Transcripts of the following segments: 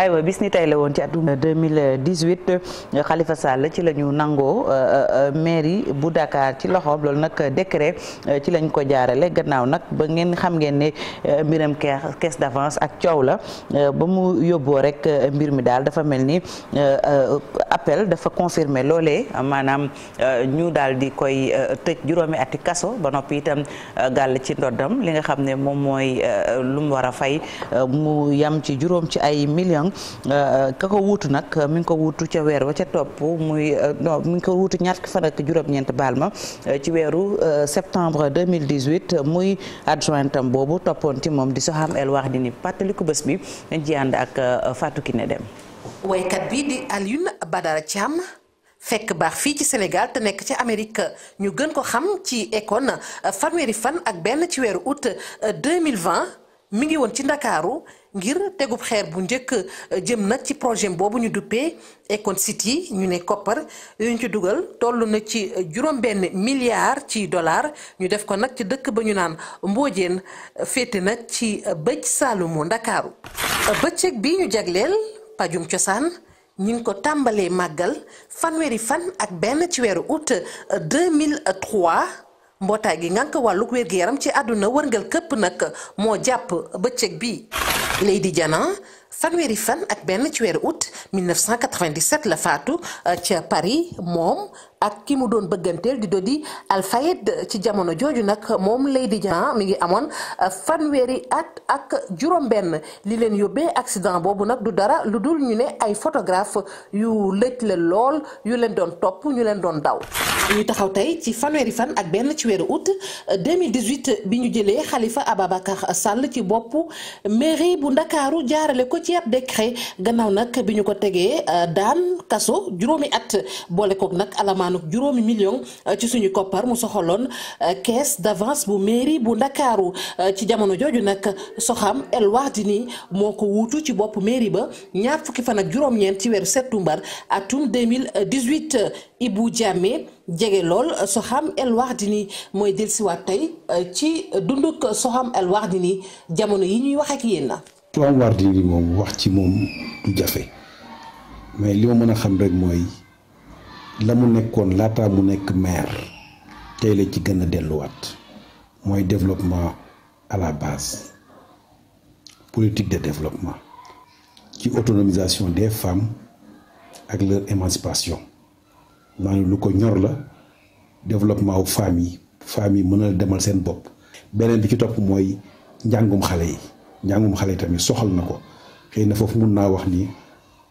aywa bis ni tey la woon ci atum 2018 Khalifa Sall ci la ñu nangoo euh, euh, euh, mairie bu dakaar ci loxoom loolu nag décret ci lañ ko jaarale gannaaw nag ba ngeen xam ngeen ne mbiram caisse d'avance ak coow la ba mu yóbboo rek mbir mi daal dafa mel ni appel dafa confirmer loolee maanaam ñu daal di koy tëj juróomi ati kaso ba noppi itam gàll ci ndoddam li nga xam ne moom mooy lu mu war a fay mu yam ci juróom ci ay millions Niang euh, euh, ka ko wuutu nag euh, mi ngi ko wuutu ca weer wa ca topp muy non mi ngi ko wuutu ñaar fan ak juróom-ñeent baal ma ci weeru septembre 2018 muy adjointam boobu toppoon ci moom di Soham El Wardini pàttaliku bés bi dañ ci ànd ak ki ne dem waykat bii di Alioune Badara Thiam. fekk baax fii ci Sénégal te nekk ci Amérique ñu gën ko xam ci na fanweeri fan ak benn ci weeru août 2020 mi ngi woon ci Ndakaaru ngir tegub xeer bu njëkk euh, jëm nag ci projet boobu ñu duppee Econ City ñu ne koppar yuñ ci dugal toll na ci euh, juróom-benn milliard ci dollar ñu def ko nag ci dëkk ba ñu naan Mbodiène euh, féete nag ci bëj Saalumu Ndakaaru bëccëg bi ñu jagleel pajum cosaan ñu ngi ko tàmbalee màggal fanweeri fan ak benn ci weeru août 2003 mbootaay gi ngànk wàllug wér gi yaram ci àdduna wërngal këpp nag moo jàpp bëccëg bi Leydi Diana fanweeri fan ak benn ci weeru août 1997 la faatu euh, ca Paris moom ak ki mu doon bëgganteel di dodi Alfayed ci jamono jooju nag moom di Diana mi ngi amoon euh, fanweeri at ak juróom-benn li leen yóbbee accident boobu nag du dara lu dul ñu ne ay photographe yu lëj la lool yu leen doon topp ñu leen doon daw. ñu taxaw tey ci fanweeri fan ak benn ci weeru août 2018 euh, bi ñu jëlee xalifa Khalifa Ababacar Sall ci bopp mairie bu Ndakaaru jaarale ko ci ab décret gannaaw nag bi ñu ko tegee euh, daan kaso juróomi at boole koog nag alama. asamaanuk juróomi million euh, ci suñu koppar mu soxaloon euh, caisse d'avance bu mairie bu ndakaaru euh, ci jamono jooju nag soxam El Wardini moo ko wuutu ci bopp mairie ba ñaar fukki fan ak juróom-ñeent ci weeru septembre atum 2018 Ibou Diame jege lool Soham El mooy dellusiwaat tey ci dunduk soxam El Wardini jamono yi ñuy wax ak yéen na Soham Wardini moom wax ci moom du jafe mais li mën a xam rek mooy la mu nekkoon laataa mu nekk maire tey la ci gën a delluwaat mooy développement à la base politique de développement ci autonomisation des femmes ak leur émancipation maanaam lu ko ñor la développement wu femmes yi femmes yi mën a demal seen bopp beneen bi ci topp mooy njàngum xale yi njàngum xale yi tamit soxal na ko xëy na foofu mun naa wax ni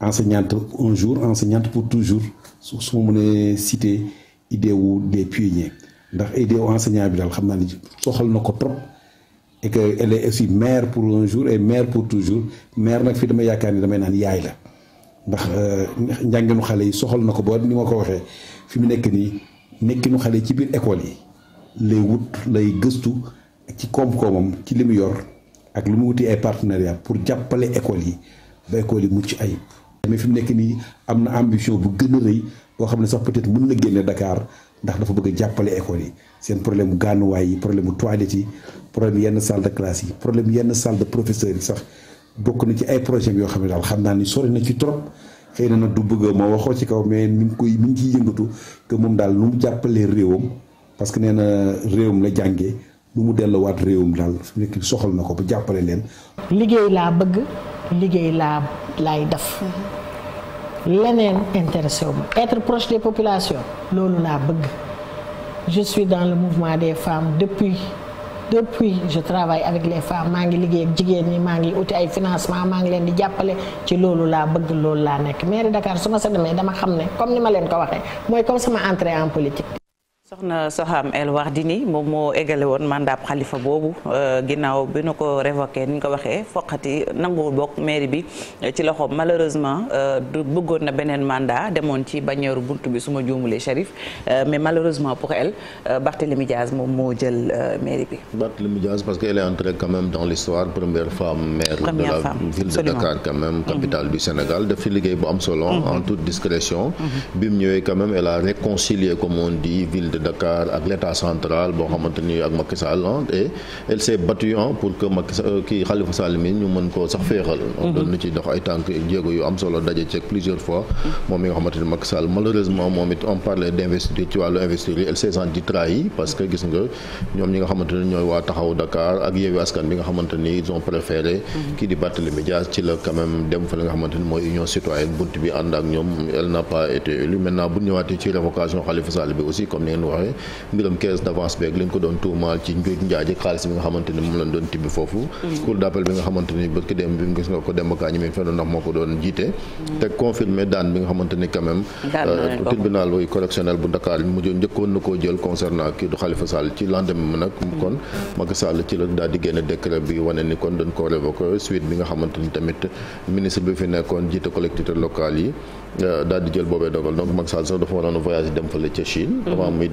enseignante un jour enseignante pour toujours su su ma mënee citer idée wu des pionniers ndax idée wu enseignant bi daal xam naa ni soxal na ko trop et que elle est aussi mère pour un jour et mère pour toujours mère nag fii dama yaakaar ni damay naan yaay la ndax euh, njànginu xale yi soxal na ko ba ni ma ko waxee fi mu nekk nii nekkinu xale yi ci biir école yi lay wut lay gëstu ci koom-koomam ci li mu yor ak lu mu wuti ay partenariat pour jàppale école yi ba école yi mucc ay mais fi mu nekk nii am na ambition bu gën a rëy boo xam ne sax peut-être mën na génne Dakar ndax dafa bëgg a jàppale école yi seen problème mu gànnuwaay yi problème mu toilette yi problème yenn salle de yi problème yenn salle de professeur yi sax bokk na ci ay projet yoo xam ne daal xam naa ni sori na ci trop xëy na nag du bëgg moo waxoo ci kaw mais mi ngi koy mi ngi ciy yëngatu moom daal lu mu jàppalee réewam parce que nee na réewam la jàngee. lu mu delluwaat réewum daal fi nekk soxal na ko bu jàppale leen. liggéey laa bëgg liggéey laa laay def leneen intéressé wu ma être proche des populations loolu laa bëgg je suis dans le mouvement des femmes depuis depuis je travaille avec les femmes maa ngi liggéey ak jigéen ñi maa ngi uti ay financement maa ngi leen di jàppale ci loolu laa bëgg loolu laa nekk mairie Dakar su ma sa dama xam ne comme ni ma leen ko waxee mooy comme sama entrée en soxna Soham El Wardini moom moo eggale woon mandat xalifa boobu euh, ginnaaw bi nu ko révoqué ni ñu ko waxee foqati nanguwul bokk mairie bi euh, ci loxoom malheureusement euh, bëggoon na beneen mandat demoon ci bañeeru bunt bi su ma juumulee Chérif mais malheureusement pour elle Barthélémy Diaz moom moo jël mairie bi. Barthélémy Diaz parce que elle est entrée quand même dans l'histoire première femme maire. de la ville de Dakar quand même. capitale du Sénégal def liggéey bu am solo. Mhm. en toute diggante Dakar ak l'état central boo xamante ni ak Macky Sall ah, et elle s'est battue ah, pour que Macky euh, kii Khalifa Sall mi ñu mën koo sax féexal. Mm-hmm. doon daje mm-hmm. ci wàllu investiture elle parce que gis nga ñoom ñi nga xamante ñooy waa taxaw Dakar ak Yewwi Askan bi nga xamante ils ont préféré. Mm-hmm. kii di Barthélémy Dias ci la quand dem fa li nga xamante mooy union citoyenne bunt bi ànd ak ñoom elle n'a pas été élue maintenant bu ñëwaatee ci révocation Khalifa Sall aussi comme ni waxee mbiram caisse d'avance beeg lañ ko doon tuumaal ci njuuj njaaj xaalis bi nga xamante moom lañ doon tibbi foofu mm-hmm. cour d'appel bi nga xamante ni dem bi nga ko dembkaa ñi mi mm-hmm. bi nga xamante ni quand même euh, bi mujj njëkkoon na mm-hmm. kon Macky Sall ci di génn décret bi wane ni kon dañ ko révoqué bi nga xamante tamit ministre bi fi nekkoon jiite collectivité locale yi euh, daal di jël boobee dogal donc Macky Sall sax dafa waroon voyage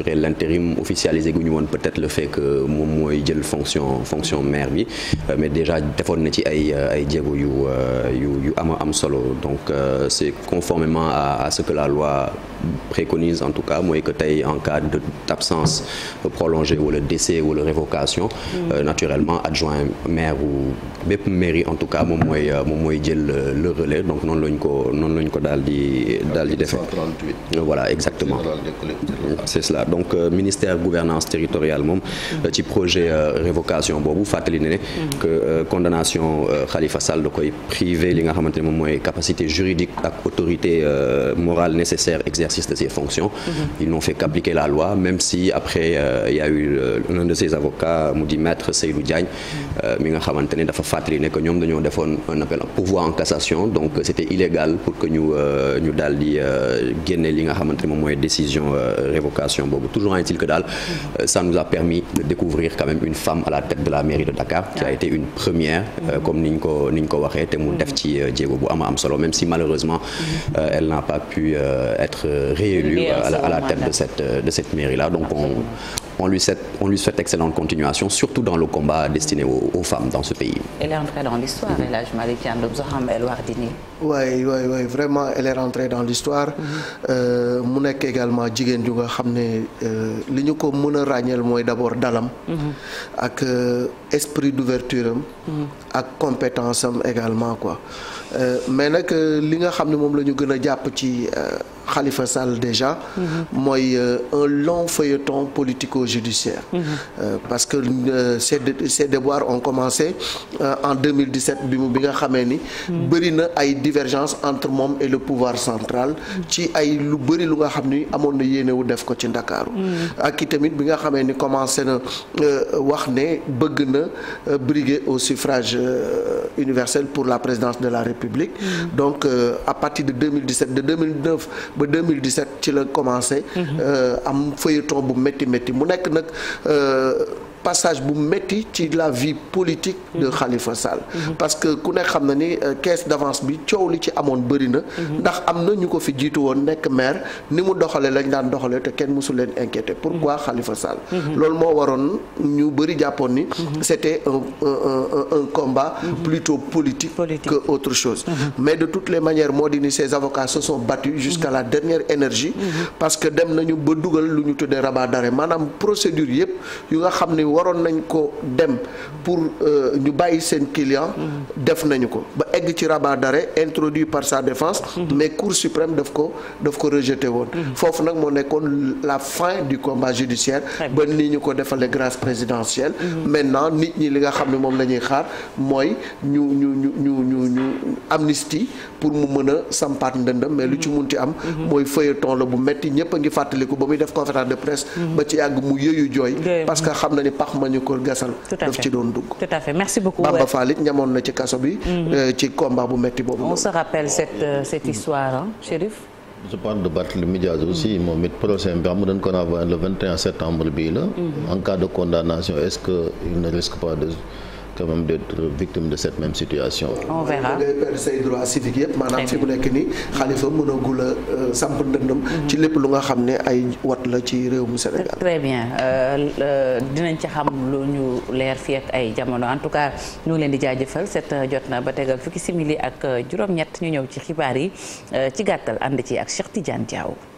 assurer l'intérim officialisé gu ñu woon peut-être le fait que moom mooy jël fonction fonction maire bi euh, mais déjà defoon na ci ay euh, ay jéego yu euh, yu yu ama am solo donc c'est conformément à à ce que la loi préconise en tout cas mooy que tey en cas de d'absence prolongée wala décès wala révocation mm. naturellement adjoint maire ou bépp mairie en tout cas moom mooy moom mooy jël le relais donc noonu lañ ko noonu lañ ko daal di daal di defee voilà exactement c'est cela donc euh, ministère gouvernance territoriale moom euh, ci projet euh, révocation boobu fàttali ne ne que condamnation Khalifa Sall da koy privé li nga xamante ne moom mooy capacité juridique ak autorité morale nécessaire exercice de ses fonctions mm-hmm. ils n'ont fait qu'appliquer la loi même si après il y a eu l'un de ses avocats mu di maître Seydou Diagne mm-hmm. mi nga xamante ne dafa fàttali que ñoom dañoo defoon un appel pourvoi en cassation c'était illégal pour que ñu ñu li nga xamante ne moom mooy décision révocation boobu toujours en est-il que daal euh, ça nous a permis de découvrir quand même une femme à la tête de la mairie de Dakar qui a été une première euh, mm-hmm. comme niñ ko niñ ko waxee mm-hmm. euh, bu ama am même si malheureusement mm-hmm. elle n'a pas pu être réélue à la tête de cette de cette mairie là donc on lui souhaite excellente continuation surtout dans le combat destiné aux, femmes dans ce pays. Elle est entrée dans l'histoire, El Hadj Malick Thiandoum waay waay waay vraiment elle est rentrée dans l'histoire mhm. euh, mu nekk également jigéen ju nga xam ne euh, li ñu ko mën a ràññeel mooy d'abord dalam mhm. ak euh, esprit d'ouverture am mhm. ak compétence am également quoi mais nag li nga xam ne moom lañu ñu gën a jàpp ci xalifa salle déjà mooy un long feuilleton politico-judiciaire parce que ces déboires ont commencé en 2017 bi mu bi nga xamee ni bëri na ay divergence entre moom et le pouvoir central ci ay lu bëri lu nga xam ni amoon na yéenewu def ko ci Ndakaaru mm. ak i tamit bi nga xamee ni commencé na euh, wax ne bëgg na euh, briguer au suffrage euh, universel pour la présidence de la République mm. donc à partir de de ba ci la commencé mm-hmm. am feuilleton bu métti métti mu nekk nag passage bu métti ci la vie politique de mhm. Khalifa Sall mhm. parce que ku nekk xam na ni euh, caisse d'avance bi coow li ci amoon bëri na mhm. ndax am na ñu ko fi jiitu woon nekk maire ni mu doxale lañ daan doxale te kenn mosu leen inquiété pourquoi Khalifa Sall loolu moo waroon ñu bëri jàppoon ni c'était un un un combat plutôt politique que autre chose mais de toutes les manières moo di ni ces avocats se sont battus jusqu'à la dernière énergie parce que dem nañu ba dugal lu ñu tuddee rabat d'arrêt maanaam procédure yëpp yu waroon nañ ko dem pour euh, ñu bàyyi seen client def nañu ko ba egg ci rabat d'arrêt introduit par sa défense mais cour suprême daf ko daf ko rejeté woon foofu nag moo nekkoon la fin du combat judiciaire ba nii ñu ko defalee grâce présidentielle maintenant nit ñi li nga xam ne moom la ñuy xaar mooy ñu ñu ñu ñu ñu ñu amnistie pour mu mën a sampaat ndëndam mais lu ci munti am mooy feuilleton la bu metti ñëpp a ngi fàttaliku ba muy def conférence de presse ba ci yàgg mu yëyu jooy pax ma ñu ko gasal. daf ci doon dugg. tout à fait merci beaucoup. Bamba Fall ñamoon na ci kaso bi. Mhm. Euh, ci combat bu metti boobu. on se rappelle cette euh, mhm. histoire Chérif. je parle de Barthélémy Diaz aussi moom it procès bi xam dañ ko renvoyé le 21 septembre bii la. Mhm. en cas de condamnation est-ce que il ne risque pas de. quand même d'être victime de cette même situation. on verra day perdre say droits civiques yëpp maanaam fi mu nekk euh, mhm. ci lépp lu nga xam ne ay wat la ci réew mu Sénégal. très bien euh, dinañ ci xam lu ñu leer fii ak ay jamono en tout cas ñu ngi leen di jëfal set jot na ba tegal fukki simili ak euh, juróom-ñett ñu ñëw ci xibaar yi ci gàttal ànd ci ak Cheikh Tidiane Diaw.